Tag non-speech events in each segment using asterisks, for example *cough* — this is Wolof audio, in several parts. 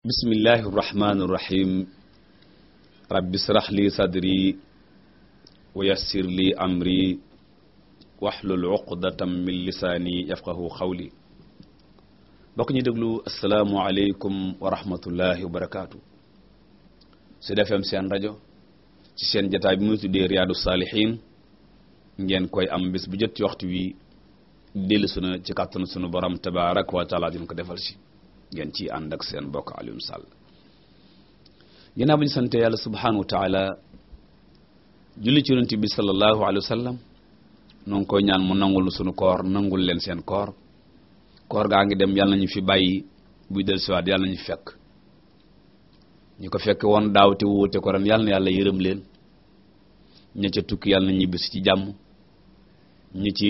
bismillahi irrahmani irrahim rabbi israh li sadri wa yassir li amri waxlul uqdatam min lisaani yafqahu xawli bokk ñu déglu asalaamualeykum wa rahmatullahi wa barakaatu su defem seen rajo ci seen jataay bi muy tuddee riyaadu saalihin ngeen koy am bis bu jot ci waxtu wi dellu sunu ci kàttanu sunu borom tabaaraka wa ko defal ci ngeen ci ànd ak seen bokk Alioune Sall ginnaaw bi ñu sante yàlla subhanahu wa taala julli ci yonent bi sallallahu alayhi wa sallam noo ngi ñaan mu nangul sunu koor nangul leen seen koor koor gaa ngi dem yàlla ñu fi bàyyi buy dellusiwaat yàlla nañu fekk ñu ko fekk won daaw te wóote ko ren yàlla na yàlla yërëm leen ña tukki yàlla na ñibbisi ci jàmm ñi ci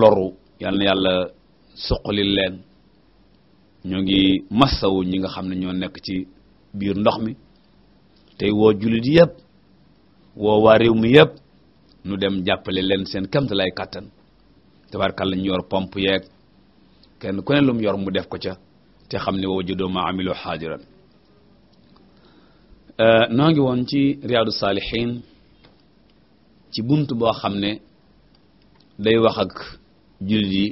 loru yàlla na yàlla leen ñu ngi massawu ñi nga xam ne ñoo nekk ci biir ndox mi tey woo jullit yëpp woo waa réew mi yëpp nu dem jàppale leen seen ay kàttan tabarkàlla ñu yor pomp yeeg kenn ku ne mu yor mu def ko ca te xam ne woo juddoo ma amilo xaajiran euh, noo ngi woon ci riyaadu saalihiin ci bunt boo xam ne day wax ak jullit yi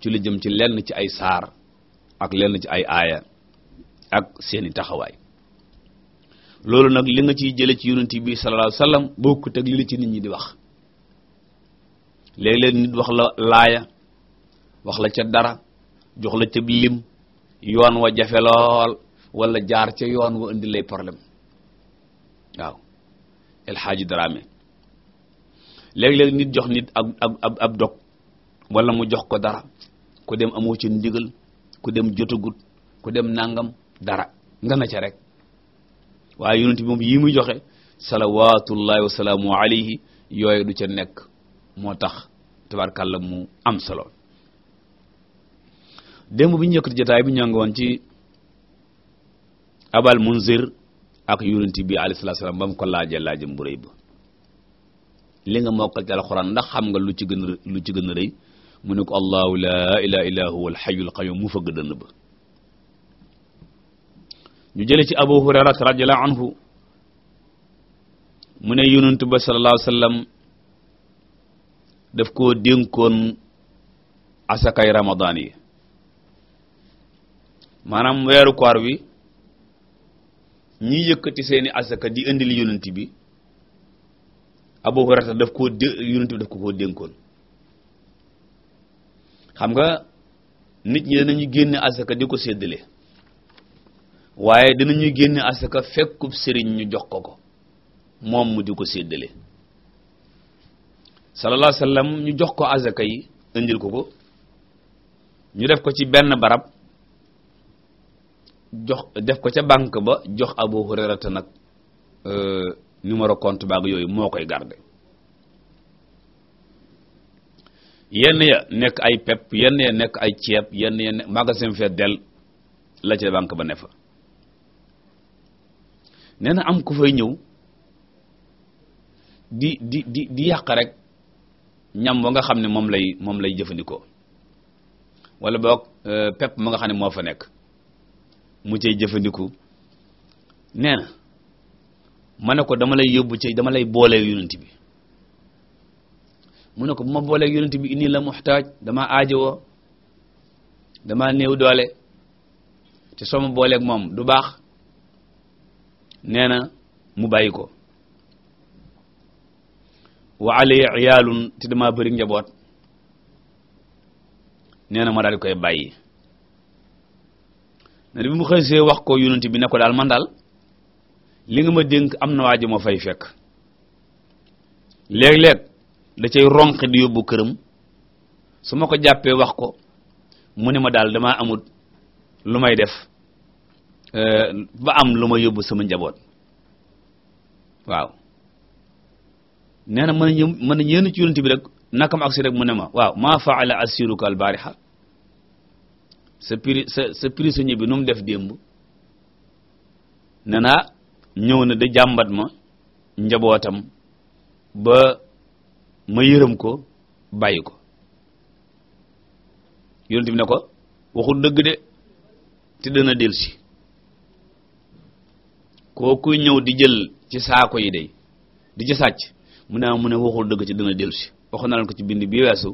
ci lu jëm ci lenn ci ay saar ak lenn ci ay aaya ak seeni taxawaay loolu nag li nga ciy jële ci yonent bi sallallahu alayhi wasallam bokkut ak li la ci nit ñi di wax léeg-léeg nit wax la laaya wax la ca dara jox la ca lim yoon wa jafe lool wala jaar ca yoon wa indi lay problème waaw El dara Dramé léeg-léeg nit jox nit ab ab ab dog wala mu jox ko dara ku dem amoo ci ndigal ku dem jotagut ku dem nangam dara nga na ca rek waaye yonent bi moom yi muy joxe salawatullahi wasalaamu alayhi yooy du ca nekk moo tax tabarkàlla mu am solo démb bi ñu yëkkati jotaay bi ñoo ngi woon ci abal munzir ak yonent bi alayhi salaatu salaam ba mu ko laajee laajam bu rëy li nga mokkal ci alxuraan ndax xam nga lu ci gën a ci gën a mu ne ko allahu laa ilaha illa huwa alxayul qayyum mu fëgg dënn ba ñu jële ci abu hurayra radiyallahu anhu mu ne yonent ba sallallahu alayhi wasallam daf koo dénkoon asakay ramadaan yi maanaam weeru koor wi ñi yëkkati seeni asaka di indil yonent bi abu hurayra daf koo dé yonent bi daf ko koo dénkoon xam nga nit ñi danañu génne asaka di ko séddale waaye ñuy génne asaka fekkub sëriñ ñu jox ko ko moom mu di ko séddale sallallahu alayhi ñu jox ko asaka yi indil ko ko ñu def ko ci benn barab jox def ko ca banque ba jox Abu Hurayrata nag euh, numéro compte baag yooyu moo koy garder yenn ya nekk ay pepp yenn ya nekk ay ceeb yenn ya nekk magasin fee del la ca banque ba ne fa nee na am ku fay ñëw di di di di yàq rek ñam ba nga xam ne moom lay moom lay jëfandikoo wala boog euh, pepp ma nga xam ne moo fa nekk mu cay jëfandiku nee ma ne ko dama lay yóbbu ci dama lay boole yonent bi mu ne ko bu ma booleeg yonent bi inni la dama damaa wo damaa néew doole te soo ma moom du baax nee na mu bàyyi ko wa alayya iyaalun te damaa bëri njaboot nee na ma daal koy bàyyi ne bi mu xëysee wax ko yonent bi ne ko daal man daal li nga ma dénk am na waajo moo fay fekk léeg-léeg da cay ronq di yóbbu këram su ma ko jàppee wax ko mu ne ma daal damaa amut lu may def euh, ba am lu may yóbbu sama njaboot waaw nee na mën nañu mën nañu yenn ci yonent bi rek nakam agsi rek mu ne ma waaw ma faala asiruka albariha sa pri sa sa prisonnier def démb nee na ñëw na de jàmbat ma njabootam ba ma yërëm ko bàyyi ko yonent bi ne ko waxul dëgg de te dana delsi kooku ñëw di jël ci saako yi day di ci sàcc mu ne mu ne waxul dëgg ci dana delsi waxu na leen ko ci bind bi weesu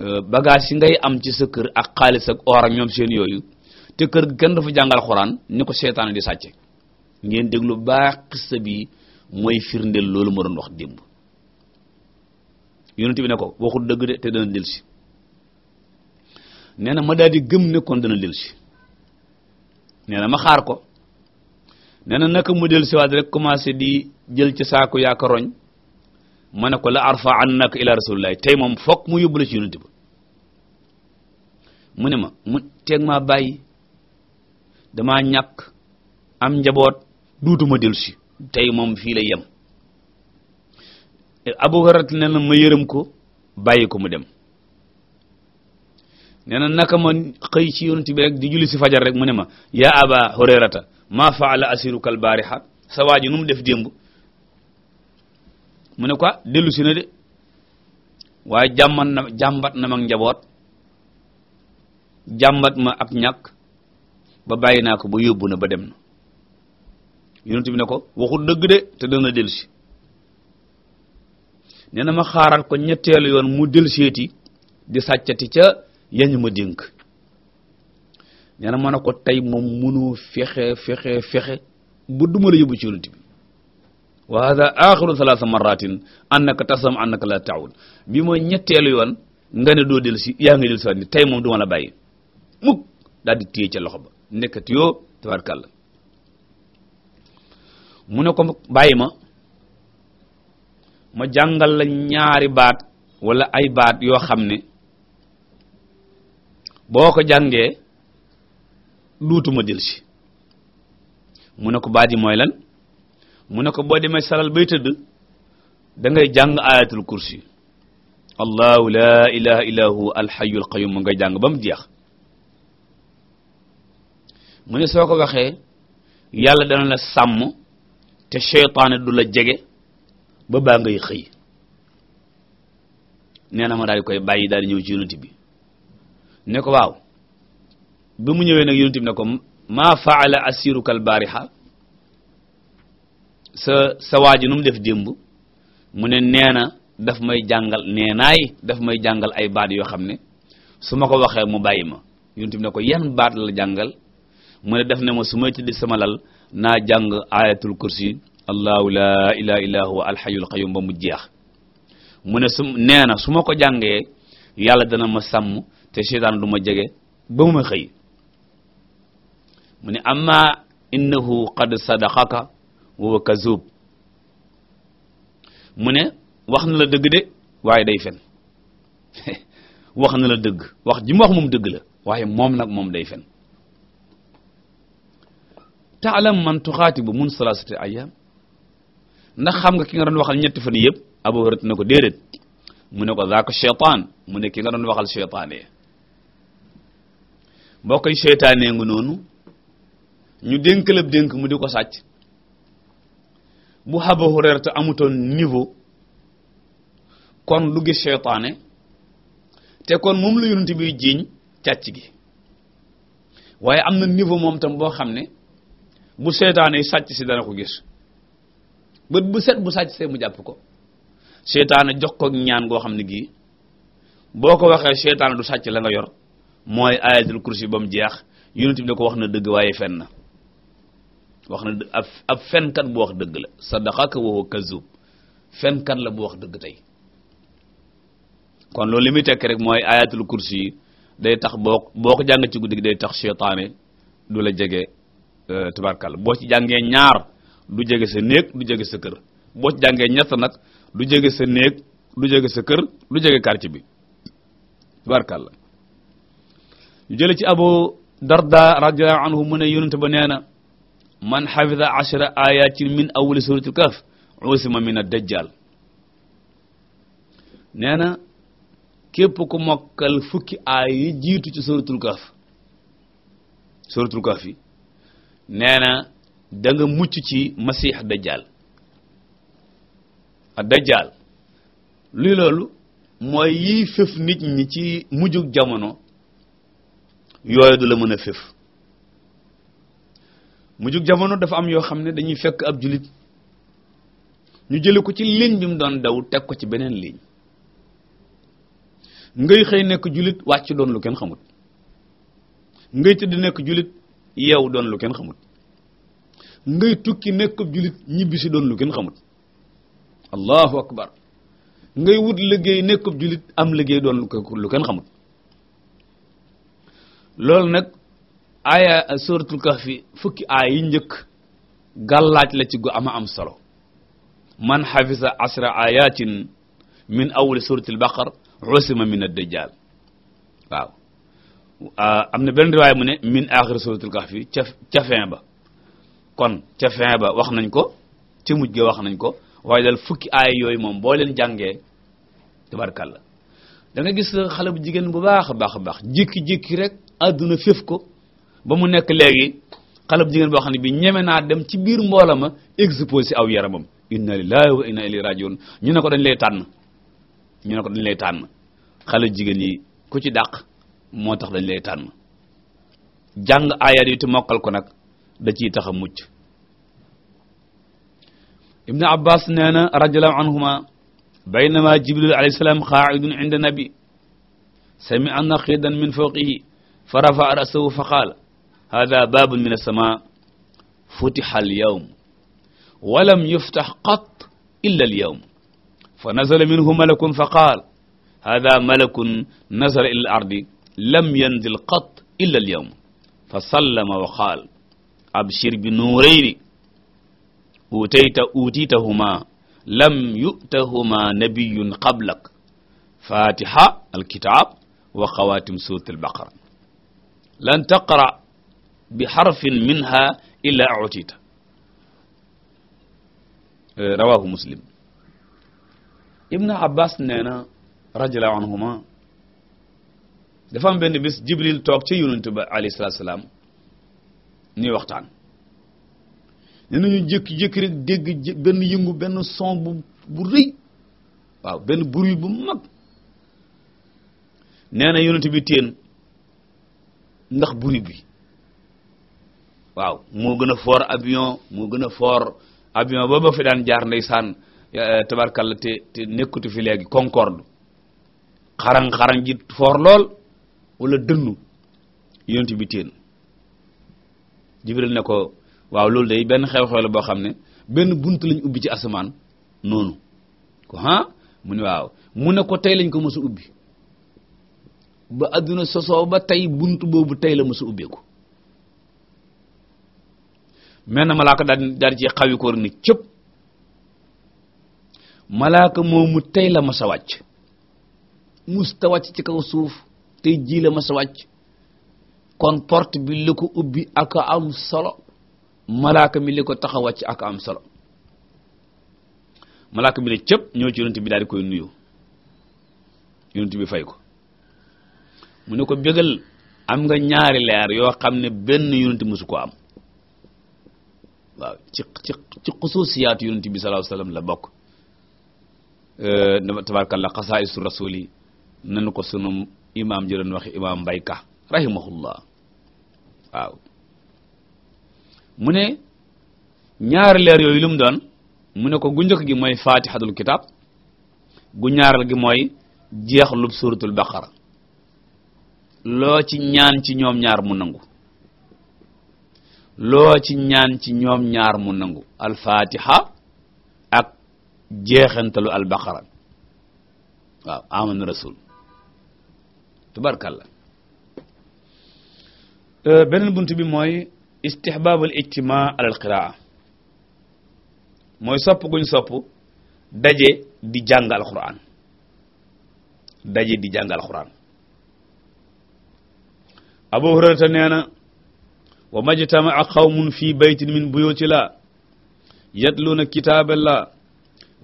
euh, bagage yi ngay am ci sa kër ak xaalis ak or ak ñoom seen yooyu te kër gi kenn dafa jàngal xuraan ni ko seetaan di sàcce ngeen déglu baax xissa bi mooy firndeel loolu ma doon wax démb yonent bi ne ko waxul dëgg de te dana dellusi nee na ma daal di gëm ne kon dana dellusi nee na ma xaar ko nee na naka mu dellusiwaat rek commencé di jël ci saako yaaka roñ ma ne ko la arfa annaka ila rasulillahi tey moom fokk mu yóbbu la ci yonent ba mu ne ma mu teeg bayi bàyyi damaa ñàkk am njaboot duutuma dellusi tey moom fii lay yem Abu Hurayra nee na ma yërëm ko bàyyi ko mu dem nee na naka ma xëy ci yonent di julli si fajar rek mu ne ma yaa Aba Hurayrata maa faala asiruka al-baariha sa waa ji nu def démb mu ne ko ah, dellu si na de waaye jàmbat na jàmbat njaboot jàmbat ma ak ñàkk ba bàyyi naa ko ba yóbbu na ba dem na yonent bi ne ko waxul dëgg de te dana dellu si nee na ma xaaral ko ñetteelu yoon mu del seeti di sàccati ca yañu ma dénk nee na ma ne ko tey moom mënu fexe fexe fexe bu duma la yóbbu ci yonent bi wa hada axiru salaasa marratin annaka tasam annaka la taawul bi mooy ñetteelu yoon nga doo del si yaa ngi del si waat tey moom duma la bàyyi mukk daal di téye ca loxo ba nekkati yoo tabarkàlla mu ne ko bàyyi ma ma jàngal la ñaari baat walla ay baat yoo xam ne boo ko jàngee duutuma dil si mu ne ko baat yi mooy lan mu ne ko boo demee salal bay tëdd dangay jàng ayatul kursi allahu la ilaha illa hu alhayyul qayyum mu ngay jàng ba mu jeex mu ne soo ko waxee yàlla dana la sàmm te seytaane du la jege ba baa ngay xëy nee na ma daal di koy bàyyi daal di ñëw ci yonent bi ne ko waaw bi mu ñëwee nag yonent bi ne ko maa faala asiruka albaariha sa sa waaju ji nu mu def démb mu ne nee daf may jàngal nee naay daf may jàngal ay baat yoo xam ne su ma ko waxee mu bàyyi ma yonent bi ne ko yan baat la jàngal mu ne def ne ma su may tëdd sama lal naa jàng ayatul kursi allahu laa ilaha illa huwa alxayul qayyum ba mu jeex mu ne su nee na su ma ko jàngee yàlla dana ma sàmm te seytaan du ma jege ba mu ma xëy mu ne amma innahu qad sadaqaka wa huwa kazub mu ne wax na la dëgg de waaye day fen *laughs* wax na la dëgg wax ji mu wax moom dëgg waaye moom nag moom day fen taalam man tuxaatibu mun salasati ayyam ndax xam nga ki nga doon waxal ñetti fan yëpp Abu Hurayra na ko déedéet mu ne ko zaaka shaytaan mu ne ki nga doon waxal shaytaane mbokk yi shaytaane nga noonu ñu dénkalab dénk mu di ko sàcc bu Abu Hurayra te amutoon niveau kon du gis shaytaane te kon moom la yonent bi jiiñ càcc gi waaye am na niveau moom tam boo xam ne bu yi sàcc si dana ko gis bët bu set bu sàcc see mu jàpp ko seytaane jox ko ñaan goo xam ne gi boo ko waxee seytaane du sàcc la nga yor mooy ayatul kursi ba mu jeex yonent bi da ko wax na dëgg waaye fen na wax na ab ab fenkat bu wax dëgg la sadaqaka wa huwa kazzub fenkat la bu wax dëgg tey kon loolu li muy tekk rek mooy ayatul kursi yi day tax boo boo ko jàng ci guddi gi day tax seytaane du la jege euh, tubarkalla boo ci jàngee ñaar du jege sa néeg du jege sa kër boo ci jàngee ñett nag du jege sa néeg du jege sa kër du jege quartier bi barkalla ñu jële ci abu darda radiyallahu anhu mu ne yonente ba nee na man xafida ashra ayatin min awali suratul kahf usima min ad-dajjal nee na képp ku mokkal fukki aay yi jiitu ci suratul kahf suratul kahf yi da mucc ci masiix dajjal dajjal luy loolu mooy yiy fëf nit ñi ci mujjug jamono yooyu du la mën a fëf mujjug jamono dafa am yoo xam ne dañuy fekk ab jullit ñu jële ko ci ligne bi mu doon daw teg ko ci beneen ligne ngay xëy nekk jullit wàcc doon lu kenn xamut ngay tëdd nekk jullit yeew doon lu kenn xamut ngay tukki nekkub jullit ñibbi si doon lu gën xamut allahu akbar ngay wut liggéey nekkub jullit am liggéey doon lu kenn xamut loolu nag aaya suratul kahfi fukki aay yi njëkk gàllaaj la ci gu ama am solo man xafisa asra ayatin min awli suratul baqar usima min ad-dajjal waaw am na benn riwaay mu ne min axir suratul kahfi ca ca fin ba kon ca fin ba wax nañ ko ca mujj ga wax nañ ko waaye daal fukki aay yooyu moom boo leen jàngee tabarkàlla la nga gis xale bu jigéen bu baax a baax baax jékki-jékki rek àdduna féef ko ba mu nekk léegi xale bu jigéen boo xam ne bi ñeme naa dem ci biir mboola ma exposé aw yaramam inna lillahi wa inna ilayhi ñu ne ko dañ lay tànn ñu ne ko dañ lay tànn xale jigéen yi ku ci dàq moo tax dañ lay tànn jàng aayaat yi te mokkal ko nag da ciy tax a mucc ibnu abbas nee na radiallahu anhuma baynama jibril alayhi salaam qaacidun inda nabi sami'a naqidan min fawqihi fa rafa'a ra'sahu fa qaala haaza baabun min as-samaa futiha al-yawm wa lam yuftah qatt illa al-yawm fa nazala minhu malakun fa qaala haaza malakun nazala ila al-ardi lam yanzil qatt illa al-yawm fa sallama wa qaala abshir bi nuraini utaita utitahuma lam yu'tahuma nabiyyun qablak fatiha alkitab wa khawatim surat albaqara lan taqra bi harfin minha illa utita rawahu muslim ibnu abbas nee na radiyallahu anhuma dafa am benn bis jibril toog ci yonent ba alayhi salaatu salaam ñuy waxtaan nee nañu jékki-jékki rek dégg benn yëngu benn son bu bu rëy benn bruit bu mag nee na yonent bi ndax bruit bi waaw moo gën a fort avion moo gën a fort avion ba ba fi jaar ndeysaan eh, tabarkalla te te nekkatu fi léegi concorde xarang xarang ji fort lool walla dënnu yonent bi téen jibril ne ko waaw loolu day benn xew-xew la boo xam ne benn bunt lañu ubbi ci asamaan noonu ko ah mu ne waaw mu ne ko tey lañ ko mës a ubbi ba adduna sosoo ba tey bunt boobu tey la mës a ubbeeku mel na malaaka daal daal ci xawikoor ni cëpp malaaka moomu tey la mës a wàcc musta wàcc ci kaw suuf tey jii la mës wàcc kon port bi li ko ubbi ak am solo malaaka bi li ko tax a wàcc ak am solo malaaka bi ne cëpp ñoo ci yonent bi daal di koy nuyu yonent bi fay ko mu ne ko bégal am nga ñaari leer yoo xam ne benn yonent mësu ko am waaw ci ci ci xusuusiyaatu yonent bi sallallahu alayhi wasallam la bokk euh, tabarakallah xasaa'isu rasuli nanu ko sunu imaam jërën waxi imaam mbayka rahimahullah waaw mu ne ñaari leer yooyu lu mu doon mu ne ko gu njëkk gi mooy fatihatul kitab gu ñaaral gi mooy jeexlub suratul baqara loo ci ñaan ci ñoom ñaar mu nangu loo ci ñaan ci ñoom ñaar mu nangu alfatiha ak jeexantalu albaqara waaw amana rasul tubarkalla Euh, beneen bunt bi mooy istihbaabul ijtimaa alal qiraa mooy sopp guñ sopp daje di jàng alquran daje di jàng alquran abu hurayrata nee na wa majtama'a qawmun fi baytin min buyuti la yatluuna kitaaballah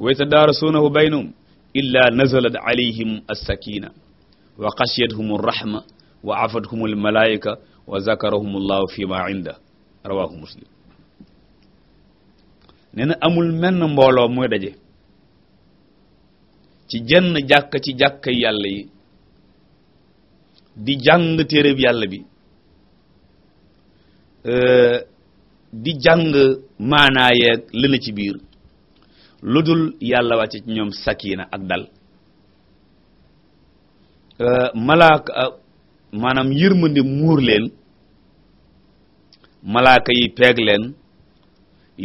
wa yatadaarasuunahu baynahum illa nazalat alayhim as-sakiina wa xashiyat hum ar-rahma wa afathum al-malaa'ika wa zakarahumullahu fi ma inda rawahu muslim nee na amul menn mbooloo mooy daje ci jenn jàkk ci jàkka yàlla yi di jàng téere yàlla bi euh, di jàng maanaa yeeg li ci biir lu dul yàlla wàcce ci ñoom sakina ak dal euh, malaaka maanaam yërmande muur leen malaaka yi peeg leen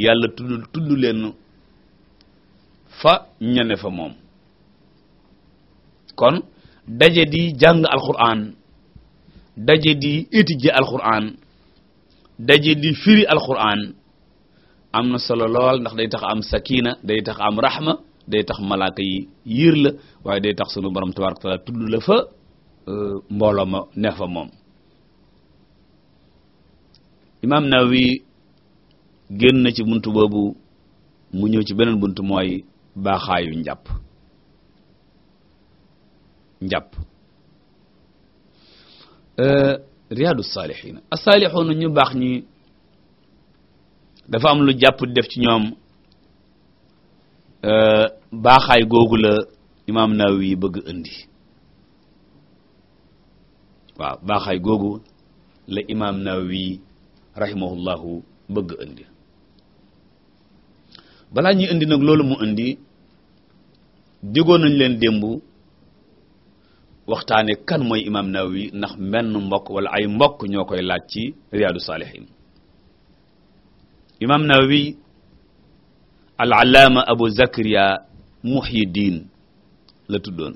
yàlla tudd tudd leen fa ñane fa moom kon daje di jàng alquran daje di étudier alquran daje di firi alquran am na solo lool ndax day tax am sakina day tax am rahma day tax malaaka yi yiir la waaye day tax sunu borom tabaraka taala tudd la fa Euh, mbooloo ma neex fa moom imaam Nawawi génn na ci buntu boobu mu ñëw ci beneen buntu mooy baaxaayu njàpp njàpp euh, riyaadu saalihiin as-saalihuun ñu baax ñi dafa am lu jàpp def ci ñoom euh, baaxaay googu la imaam Nawawi bëgg indi waaw baaxaay googu la imaam Nawawi rahimahullahu bëgg indi bala ñuy indi nag loolu mu indi digoon nañ leen démb waxtaane kan mooy imaam Nawawi ndax menn mbokk wala ay mbokk ñoo koy laaj ci Riyadou Salihine imaam Nawawi al-allaama Abu Zakariya Muhyiddin la tuddoon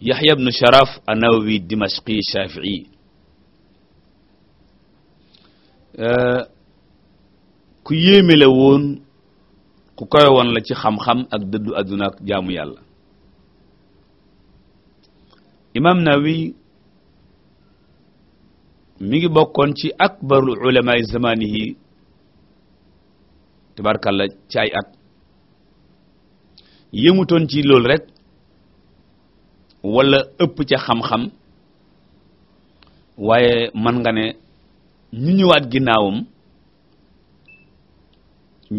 Yahya ibn Sharaf an-Nawawi dimashqi shafi'i eh, ku yéeme la woon ku koy la ci xam-xam ak dëddu àdduna ak jaamu yàlla imam Nawawi mi ngi bokkoon ci akbarul ulamaay zamanihi tabarkalla ci ay at yëmutoon ci loolu rek wala ëpp ca xam-xam waaye man nga ne ñu ñëwaat ginnaawam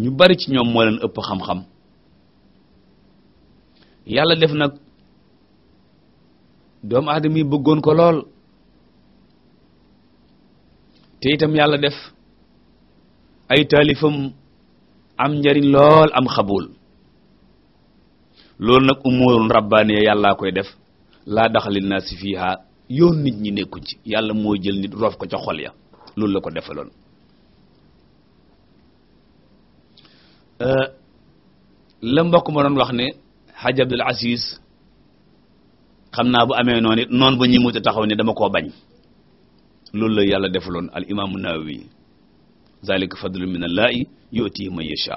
ñu bari ci ñoom moo leen ëpp xam-xam yàlla def nag doomu aadama yi bëggoon ko lool te itam yàlla def ay taalifam am njariñ lool am xabul loolu nag umuurun rabbaaniya yàllaa koy def laa daxalil naa si fiiha yoon nit ñi nekkuñ ci yàlla moo jël nit roof ko ca xol ya loolu la ko defaloon euh, la mbokk ma doon wax ne xaj Abdul Aziz xam naa bu amee noon it noonu ba ñuy mujj taxaw ne dama ko bañ loolu la yàlla defaloon al imaamu Nawawi zalika fadlu min allahi yu'tihi man yasha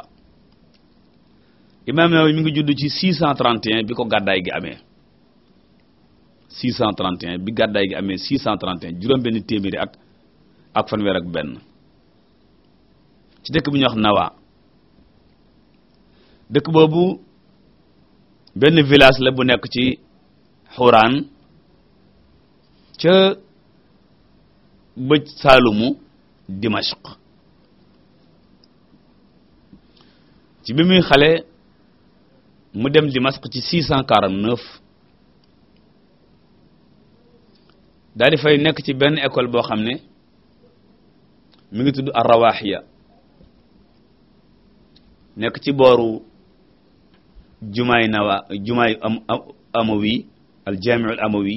imaam Nawawi mi ngi judd ci 631 bi ko gàddaay gi amee 631 bi gàddaay gi amee 631 juróom-benn téeméeri at ak fanweer ak benn ci dëkk bu ñuy wax Nawa dëkk boobu benn village la bu nekk ci Xuraan ca bëj Saalumu Dimashq ci bi muy xale mu dem Dimashq ci 649. daal di fay nekk ci benn école boo xam ne mi ngi tudd Ar-Rawahiya nekk ci booru jumaay nawa jumaay am amawi al-Jami'ul Amawi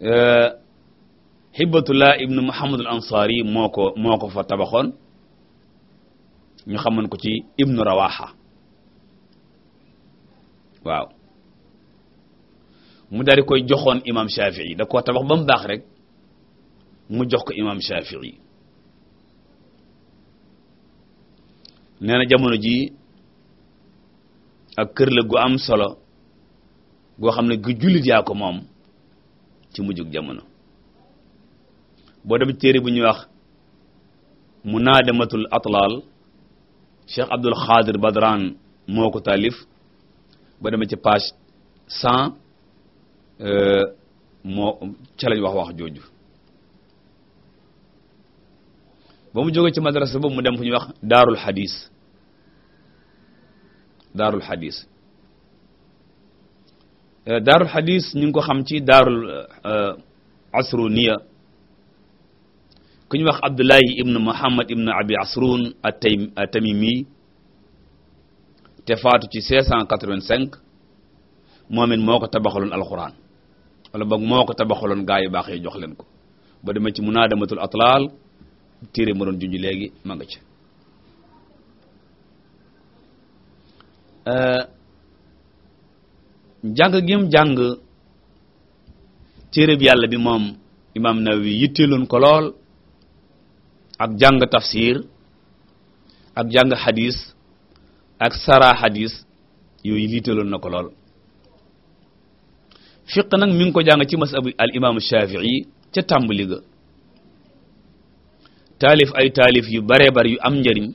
euh, Hibbatullah ibn Muhammad al-Ansari moo ko moo ko fa tabaxoon ñu xamoon ko ci Ibn Rawaha waaw mu dari koy joxoon imam Shafi'i da koo tabax ba mu baax rek mu jox ko imam Shafi'i nee na jamono ji ak kër la gu am solo goo xam ne gu jullit yaa ko moom ci mujjug jamono boo dem téere bu ñuy wax munaadamatul atlaal Cheikh Abdul Xaadir Badran moo ko taalif ba demee ci page cent Euh, moo ca lañ wax wax jooju ba mu jógee ci madrasa boobu mu dem fu ñuy wax daarul xadis daarul xadis euh, daarul ñu ngi ko xam ci daarul euh, asruniya ku ñu wax abdullahi ibn muhammad ibn abi asrun atay atamimi te faatu ci 685 moom it moo ko tabaxaloon alquran wala boog moo ko tabaxaloon gaa yu baax yi jox leen ko ba ma ci munaadamatul atlaal téere ma doon junj léegi ma nga ci euh, jàng gim jàng téere bi yàlla bi moom imaam Nawawi yitteeloon ko lool ak jàng tafsir ak jàng xadis ak sara xadis yooyu yitteeloon na ko lool fiq nag mi ngi ko jàng ci masab al imam Shafi'i ca tàmbali ga taalif ay taalif yu bare bare yu am njariñ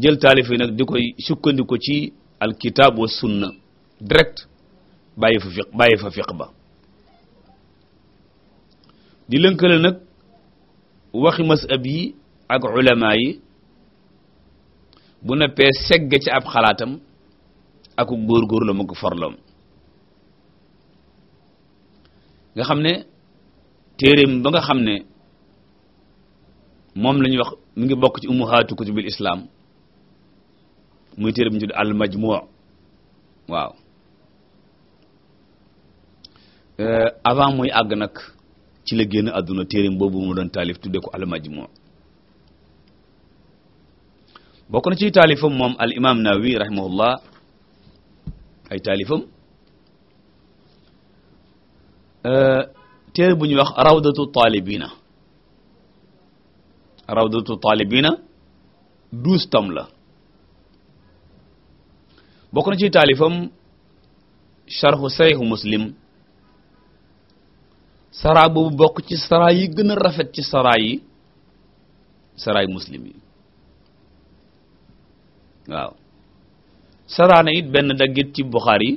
jël taalif yi nag di koy sukkandiku ci al kitab wa sunna direct bàyyi fa fiq ba di lënkale nag waxi masab ak ulama yi bu neppee segg ci ab xalaatam aku góor-góor la mu ko forloom nga xam ne téeréem ba nga xam ne moom la wax mi ngi bokk ci ummuhaatu kutubil islam muy téere bi ñu tudd al majmu' euh, avant muy àgg nag ci la génn àdduna téereem boobu mu doon taalif tudde ko al majmu' bokk na ci taalifam moom al imam nawawi rahimahullah ay taalifam euh, téere bu ñuy wax rawdatu taalibina rawdatu taalibina douze tomes la bokk na ci taalifam sharhu sahihu muslim saraa boobu bokk ci saraa yi gën a rafet ci saraa yi saraa yi muslim yi waaw saraana it benn daggit ci Buxaari yi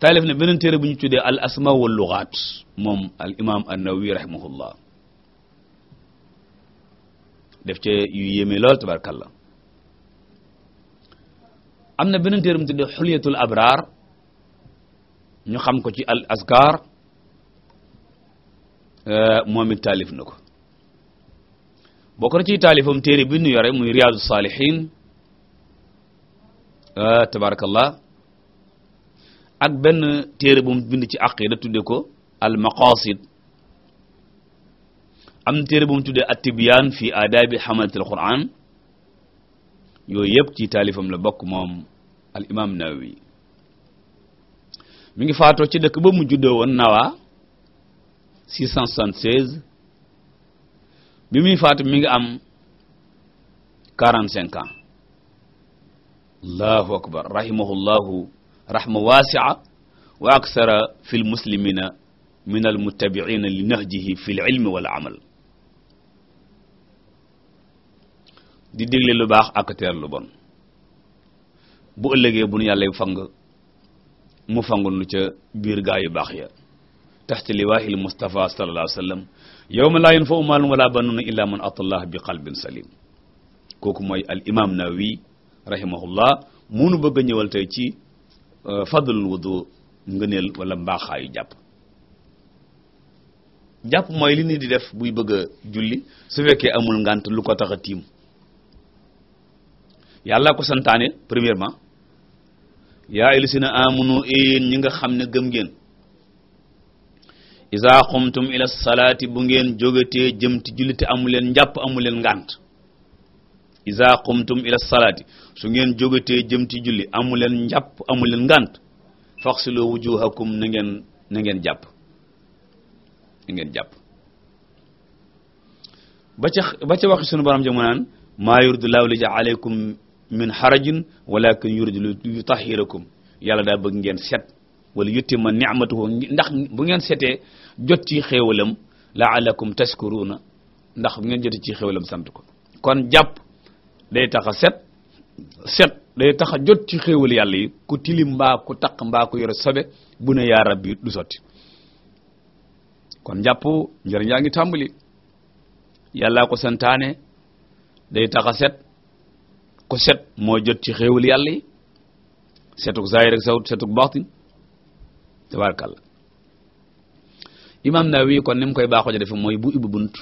taalif na beneen téere bu ñu tuddee al asma wal lughaat moom al imaam an-Nawawi rahimahullah def ci yu yéeme lool tabarakallah am na beneen téere bu ñu tuddee xulyatul abraar ñu xam ko ci al azkar euh, moom it taalif na ko bokk na ci taalifam téere bi ñu yore muy riyaadu saalihiin Euh, tabarakallah ak benn téere bom mu bind ci aqida tudde ko al maqasid am téere bu mu tuddee at-tibyaan fi aadaabi hamalatil qur'aan yooyu yëpp ci taalifam la bokk moom al imam Nawawi mi ngi faatoo ci dëkk ba mu juddoo woon Nawa 676 bi muy faatu mi ngi am 45 ans allahu akbar rahimahullahu rahma wasia wa aksara fi lmuslimina min almutabiina li nahjihi fi lilmi wal amal di digle lu baax ak teer lu bon bu ëllëgee bu nu yàlla fang mu fangun lu ca biir gaa yu baax ya taxta liwaahil Mustafa sallallahu alayhi wa sallam yawma laa yanfa'u maalun wala banuuna illaa man ataa Allah bi qalbin salim kooku mooy al imaam Nawawi rahimahullah munu bëgg a ñëwal tey ci euh, fadlul wudu ngëneel wala mbaaxaayu jàpp jàpp mooy li ni di def buy bëgg a julli su fekkee amul ngant lu ko tax a tiim yàlla ko santaane premièrement yaa ay lisina amunu yéen ñi nga xam ne gëm ngeen iza qumtum ila salaati bu ngeen jógatee jëm ti julli te amu leen njàpp amu leen ngant iza qumtum ila salaati su ngeen jógatee jëm ci julli amu leen njàpp amu leen ngànt faxsilu wujuhakum na ngeen na ngeen jàpp na ngeen jàpp ba ca ba ca waxi sunu borom ja mu naan maa yuridu laahu li ja'alaykum min harajin walakin yuridu yutahhirakum yàlla daa bëgg ngeen set wala yutima ni'matuhu ndax bu ngeen setee jot ci xéewalam la'allakum tashkuruna ndax bu ngeen jotee ci xéewalam sant ko kon jàpp day tax a set set day tax jot ci xéewal yàlla yi ku tili mbaa ku taq mbaa ku yore sobe bu ne yaa rabbi du sotti kon jàpp njëriñ yaa ngi tàmbali yàllaa ko santaane day tax a set ku set moo jot ci xéewal yàlla yi setuk zahir ak sawt setuk baatin tabarakallah imam Nawawi kon ni koy baaxoo ja defe mooy bu ibbu bunt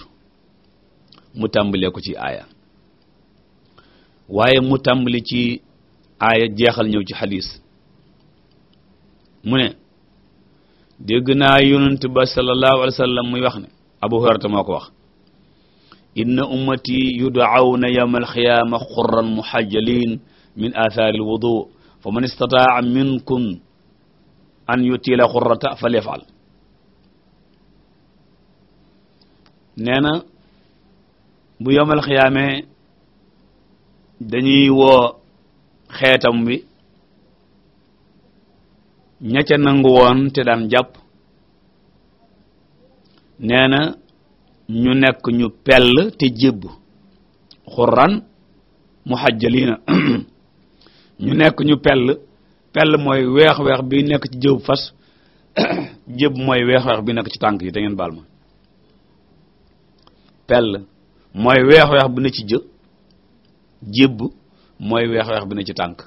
mu tàmbalee ko ci aaya waaye mu tàmbali ci aaya jeexal ñëw ci xadis mu ne dégg naa yonent ba sallallahu alayhi wa sallam muy wax ne abu hurayrata moo ko wax inna ummati yud'awna yawma alxiyaama xurran muhajjalin min athari alwudu fa man istataa minkum an yutila xurrata falyafal nee na bu yawmal xiyaamee dañuy woo xeetam wi ña ca nangu woon te daan jàpp neena ñu nekk ñu pell te jébb mu muhajjalina *clears throat* ñu nekk ñu pell pell mooy weex-weex bi nekk ci jëb fas *clears throat* jébb mooy weex-weex bi nekk ci tànk yi da ngeen baal ma pell mooy weex-weex bu ne ci jë jébb mooy weex-weex bi na ci tànk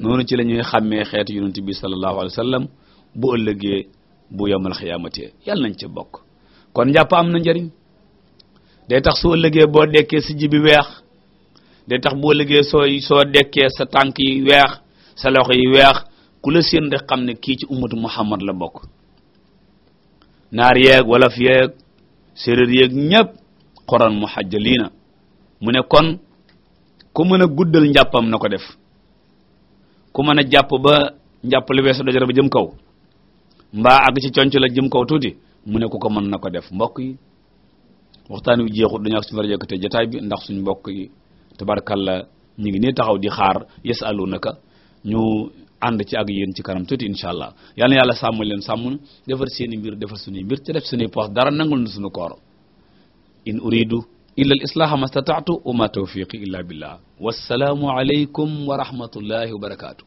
noonu ci lañuy xàmmee xeet yu bi sallallahu alayhi wa sallam bu ëllëgee bu yomal xiyaamatee yàlla nañ ci bokk kon njàpp am na njariñ day tax su ëllëgee boo dekkee sa jibi weex day tax boo ëllëgee sooy soo dekkee sa tànk yi weex sa loxo yi weex ku la seen rek xam ne kii ci ummatu muhammad la bokk naar yeeg wolof yeeg séeréer yeeg ñépp xoran muhajjaliina mu ne kon ku mën a guddal njàppam na ko def ku mën a jàpp ba njàpp li weesu dajara ba jëm kaw mba àgg ci conc la jëm kaw tuuti mu ne ku ko mën na ko def mbokk yi waxtaan wi jeexut dañu ak suñu rajo te jotaay bi ndax suñu mbokk yi tabarkalla ñu ngi nii taxaw di xaar yasalunaka ñu ànd ci ak yen ci kanam tuuti incha allah yal na yàlla sàmm leen sàmm defar seen mbir defar suñuy mbir ci def suñuy poos dara nangul na suñu koor in uridu illa al islaaha ma stataatu wa ma tawfiqi illa billah wassalaamu aleykum wa rahmatullahi wa barakaatu